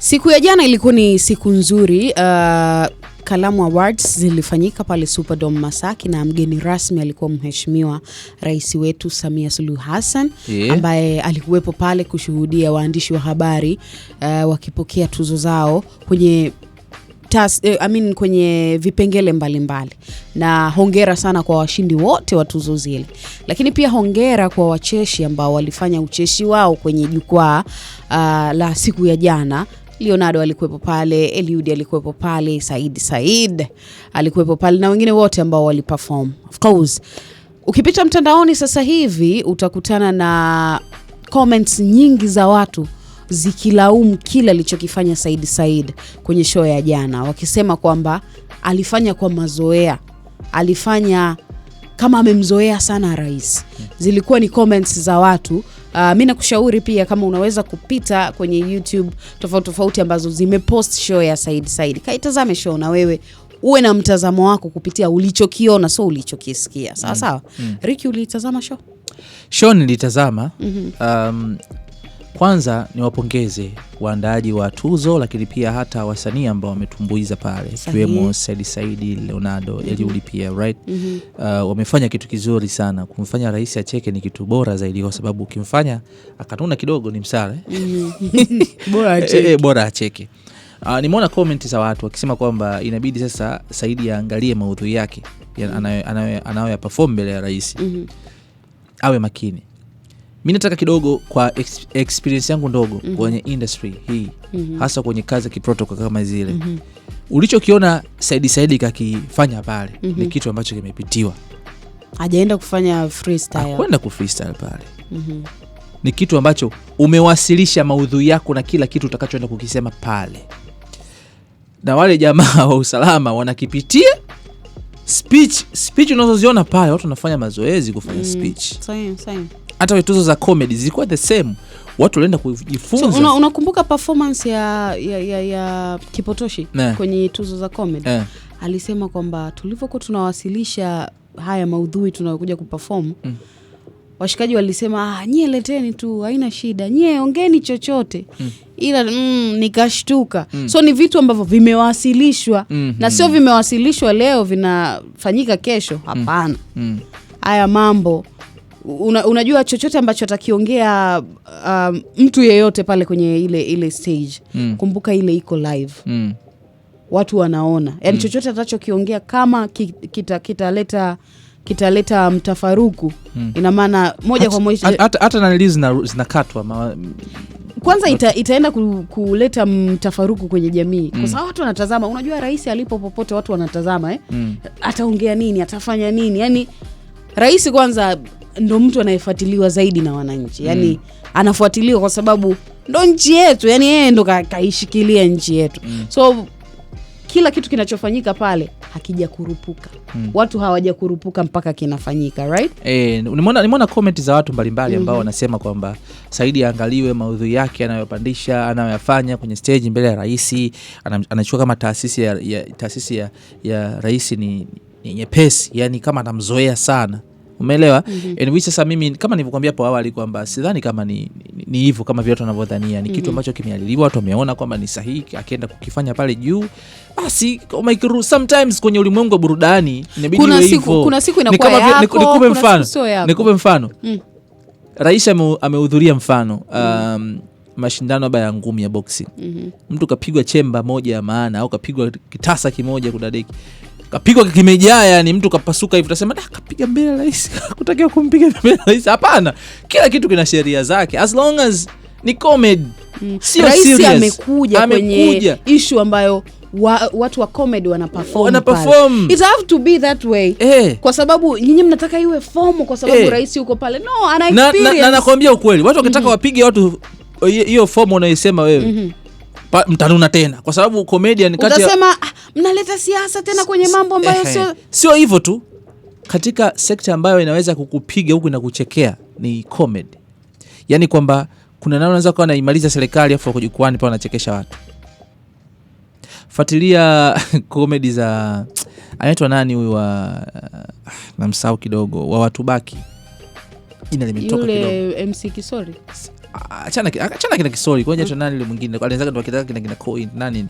Siku ya jana ilikuwa ni siku nzuri. Uh, Kalamu Awards zilifanyika pale Superdome Masaki na mgeni rasmi alikuwa Mheshimiwa Rais wetu Samia suluh Hassan yeah, ambaye alikuwepo pale kushuhudia waandishi wa habari uh, wakipokea tuzo zao kwenye Tas, eh, I mean kwenye vipengele mbalimbali mbali. Na hongera sana kwa washindi wote wa tuzo zile, lakini pia hongera kwa wacheshi ambao walifanya ucheshi wao kwenye jukwaa uh, la siku ya jana Leonardo alikuwepo pale, Eliud alikuwepo pale, Said Said alikuwepo pale na wengine wote ambao waliperform. Of course, ukipita mtandaoni sasa hivi utakutana na comments nyingi za watu zikilaumu kile alichokifanya Said Said kwenye show ya jana, wakisema kwamba alifanya kwa mazoea, alifanya kama amemzoea sana rais. Zilikuwa ni comments za watu. Uh, ah, mi nakushauri pia kama unaweza kupita kwenye YouTube tofauti tofauti ambazo zimepost show ya Said Said, kaitazame show na wewe uwe na mtazamo wako kupitia ulichokiona, so ulichokisikia. Sawa mm. sawa. mm. Ricky, ulitazama show? Show nilitazama. mm -hmm. Um, kwanza niwapongeze waandaaji wa tuzo, lakini pia hata wasanii ambao wametumbuiza pale, ikiwemo Said Saidi, Leonardo Eliuli mhm. pia right. mm -hmm. uh, wamefanya kitu kizuri sana. Kumfanya rais acheke ni kitu bora zaidi, kwa sababu ukimfanya akanuna kidogo ni msara mm bora eh, eh, acheke, bora acheke. Uh, nimeona komenti za watu wakisema kwamba inabidi sasa Saidi aangalie maudhui yake ya mhm. anayo ya perform mbele ya rais mm -hmm. awe makini mi nataka kidogo kwa experience yangu ndogo mm -hmm. kwenye industry hii mm -hmm. hasa kwenye kazi ya kiprotokol kama zile mm -hmm. ulichokiona Saidi Saidi kakifanya pale mm -hmm. ni mhm. kitu ambacho kimepitiwa, ajaenda kufanya freestyle, kwenda ku freestyle pale mm -hmm. ni kitu ambacho umewasilisha maudhui yako na kila kitu utakachoenda kukisema pale, na wale jamaa wa usalama wanakipitia speech speech unazoziona pale, watu wanafanya mazoezi kufanya mm. speech same, same hata we tuzo za comedy zilikuwa the same, watu walienda kujifunza. So, unakumbuka una performance ya, ya, ya, ya Kipotoshi ne, kwenye tuzo za comedy ne, alisema kwamba tulivyokuwa tunawasilisha haya maudhui tunayokuja kuperform mm, washikaji walisema ah, nyie leteni tu, haina shida, nyie ongeni chochote mm, ila mm, nikashtuka mm. So ni vitu ambavyo vimewasilishwa mm -hmm. na sio vimewasilishwa leo vinafanyika kesho, mm. hapana mm. Mm. haya mambo una, unajua chochote ambacho atakiongea uh, mtu yeyote pale kwenye ile ile stage mm. Kumbuka ile iko live mm. Watu wanaona yani mm. Chochote atachokiongea kama kitaleta kita kitaleta mtafaruku mm. Ina maana moja at, kwa moja hata nanili zinakatwa zina Kwanza ita, itaenda kuleta mtafaruku kwenye jamii mm. Kwa sababu watu wanatazama, unajua rais alipo popote watu wanatazama eh? mm. Ataongea nini, atafanya nini yani rais kwanza ndo mtu anayefuatiliwa zaidi na wananchi, yani mm. anafuatiliwa kwa sababu ndo nchi yetu, yani yeye ndo kaishikilia nchi yetu mm. so kila kitu kinachofanyika pale kurupuka mm. Watu hawaja kurupuka mpaka kinafanyika right? E, nimeona comment za watu mbalimbali ambao mm -hmm. wanasema kwamba Saidi aangaliwe maudhui yake anayopandisha anayoyafanya kwenye stage mbele ya rais, anachukua kama taasisi ya, ya, ya, ya rais ni nyepesi, yani kama anamzoea sana umeelewa? mm -hmm. Which sasa mimi kama nilivyokuambia hapo awali kwamba sidhani kama ni ni, hivyo kama vile watu wanavyodhania ni mm -hmm. kitu ambacho kimealiliwa, watu wameona kwamba ni sahihi, akienda kukifanya pale juu basi oh sometimes kwenye ulimwengu wa burudani inabidi kuna siku, kuna siku inakuwa yako, nikupe mfano, nikupe mm. mfano mm. Rais amehudhuria mfano um, mashindano haba ya ngumi ya boxing mm -hmm. mtu kapigwa chemba moja ya maana au kapigwa kitasa kimoja kudadeki kapigwa kimejaa, yani mtu kapasuka hivi, utasema da, kapiga mbele rais, kutakiwa kumpiga mbele rais? Hapana, kila kitu kina sheria zake, as long as ni comedy, mm. sio serious. Amekuja ame kwenye issue ambayo wa, watu wa comedy wana perform, wana perform. It have to be that way eh. Kwa sababu nyinyi mnataka iwe fomo kwa sababu eh, rais yuko pale no, ana experience na nakwambia na, na ukweli watu wakitaka mm -hmm. wapige watu hiyo fomu unaisema wewe mm -hmm mtanuna tena, kwa sababu comedian kati utasema ya... Ah, mnaleta siasa tena kwenye mambo ambayo sio sio hivyo tu. Katika sekta ambayo inaweza kukupiga huku na kuchekea ni comedy, yani kwamba kuna nao unaweza kuwa naimaliza serikali afu wako jukwani pa anachekesha watu. Fuatilia comedy za anaitwa nani huyu wa ah, namsahau kidogo wa watubaki jina limetoka kidogo, MC Kisori achana kina kisori ngoja tuna nani mwingine alizaka ndo akitaka kina kina coin nani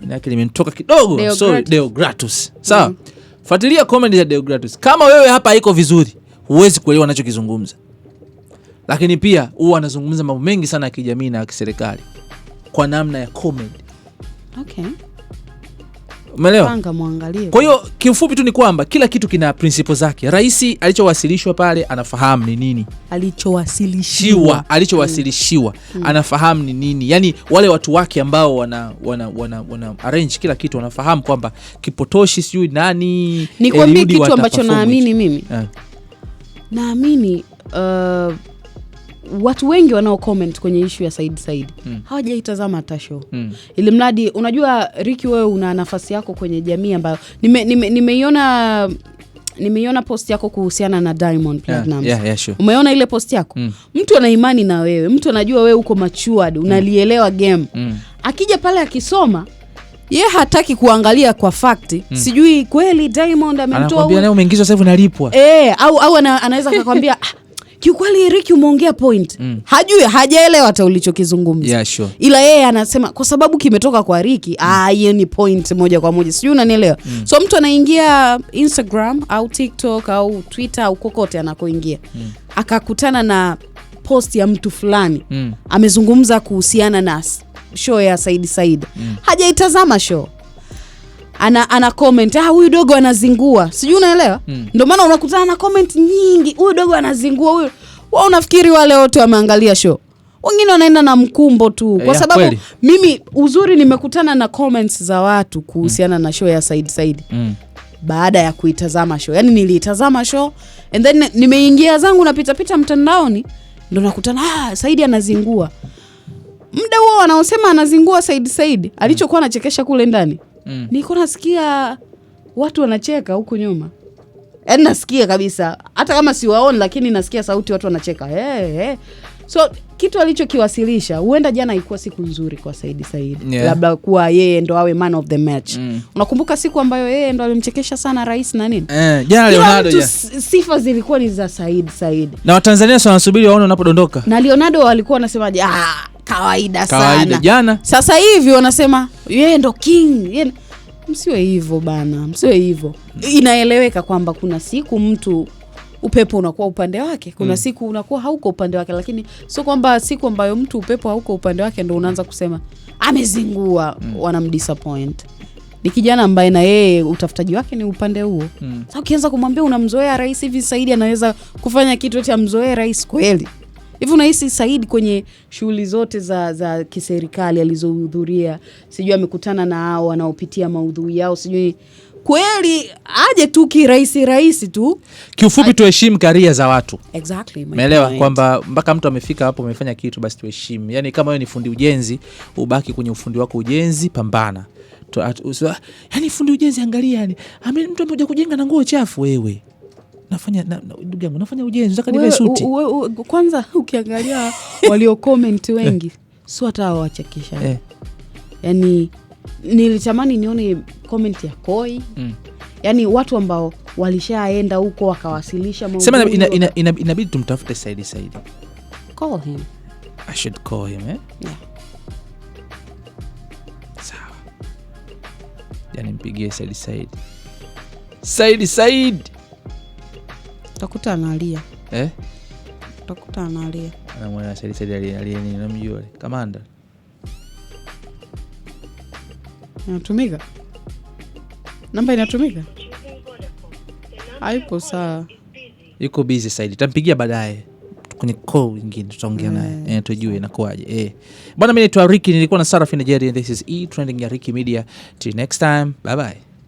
jina yake limenitoka kidogo sorry Deogratus sawa mm. fuatilia comedy za Deogratus kama wewe hapa haiko vizuri huwezi kuelewa anachokizungumza lakini pia huwa anazungumza mambo mengi sana ya kijamii na ya kiserikali kwa namna ya comedy okay Umeelewa? Kwa hiyo kiufupi tu ni kwamba kila kitu kina principle zake. Rais alichowasilishwa pale anafahamu ni nini, alichowasilishiwa alichowasilishiwa mm. mm. anafahamu ni nini, yaani wale watu wake ambao wana, wana, wana, wana arrange kila kitu wanafahamu kwamba kipotoshi sijui nani. Nikwambie kitu ambacho naamini mimi, eh. naamini uh, watu wengi wanao comment kwenye ishu ya Said Said mm. hawajaitazama hata show mm. ili mradi unajua, Riki, wewe una nafasi yako kwenye jamii ambayo nimeiona nime, nime nimeiona post yako kuhusiana na Diamond Platnumz. Yeah, yeah, sure. Umeona ile post yako mm. mtu ana imani na wewe, mtu anajua wewe uko matured, hmm. unalielewa game mm. akija pale akisoma ye hataki kuangalia kwa fakti mm. sijui kweli Diamond amemtoa, anakuambia naye umeingizwa sasa hivi unalipwa, eh, au, au anaweza akakwambia ah, kiukweli Ricky umeongea point mm. Hajui, hajaelewa hata ulichokizungumza yeah, sure. Ila yeye anasema kwa sababu kimetoka kwa riki mm. Ah, hiyo ni point moja kwa moja, sijui unanielewa mm. So mtu anaingia Instagram au TikTok au Twitter au kokote anakoingia mm. akakutana na post ya mtu fulani mm. amezungumza kuhusiana na show ya saidi saidi mm. hajaitazama show ana, ana comment ah, huyu dogo anazingua, sijui unaelewa mm. Ndio maana unakutana na comment nyingi, huyu dogo anazingua, huyu wa Unafikiri wale wote wameangalia show? Wengine wanaenda na mkumbo tu, kwa yeah, sababu kweli. mimi uzuri nimekutana na comments za watu kuhusiana mm. na show ya Said saidi mm. baada ya kuitazama show, yani niliitazama show and then nimeingia zangu napitapita mtandaoni, ndo nakutana ah, Saidi anazingua. Muda huo wanaosema anazingua Said Said alichokuwa anachekesha kule ndani mm. nasikia watu wanacheka huku nyuma, yaani nasikia kabisa, hata kama siwaoni, lakini nasikia sauti watu wanacheka hey, hey. So kitu alichokiwasilisha huenda jana ikuwa siku nzuri kwa Saidi Saidi, yeah. labda kuwa yeye ndo awe man of the match mm. Unakumbuka siku ambayo yeye ndo alimchekesha sana rais na nini eh, Leonardo yeah. Sifa zilikuwa ni za Saidi Saidi na Watanzania wanasubiri waone unapodondoka na Leonardo walikuwa wanasemaje ah kawaida sana kawaida. Jana sasa hivi wanasema yeye ndo king ye... msiwe hivyo bana, msiwe hivyo. Inaeleweka kwamba kuna siku mtu upepo unakuwa upande wake, kuna mm. siku unakuwa hauko upande wake, lakini sio kwamba siku ambayo mtu upepo hauko upande wake ndo unaanza kusema amezingua. mm. wanamdisappoint ni kijana ambaye na yeye utafutaji wake ni upande huo. mm. Sasa ukianza kumwambia unamzoea rais hivi, Saidi anaweza kufanya kitu eti amzoee rais kweli? Hivi unahisi Said kwenye shughuli zote za, za kiserikali alizohudhuria, sijui amekutana na hao wanaopitia maudhui yao, sijui kweli aje tu kirahisi rahisi tu. Kiufupi, tuheshimu karia za watu exactly, meelewa kwamba mpaka mtu amefika hapo, amefanya kitu, basi tuheshimu. Yani kama wewe ni fundi ujenzi, ubaki kwenye ufundi wako ujenzi, pambana. Yani fundi ujenzi, angalia yani mtu amekuja kujenga na nguo chafu, wewe nafanya na, na, yangu nafanya ujenzi taka nivae suti. Kwanza ukiangalia walio comment wengi si hata wawachekesha eh. Yani nilitamani nione comment ya Koi mm. Yani watu ambao walishaenda huko wakawasilisha sema inabidi ina, ina, ina, ina, ina tumtafute Saidi Saidi call him. I should call him eh? yeah. Sawa, yani mpigie Saidi Saidi Saidi Saidi utakuta analia eh? utakuta analia kamanda inatumika namba inatumika haipo saa yuko bizi Saidi, tampigia baadaye kwenye ko nyingine, tutaongea naye e, tujue inakuwaje e. Bwana, mi naitwa riki nilikuwa na Sarafi Nigeria, this is E Trending ya riki Media. Till next time, bye bye.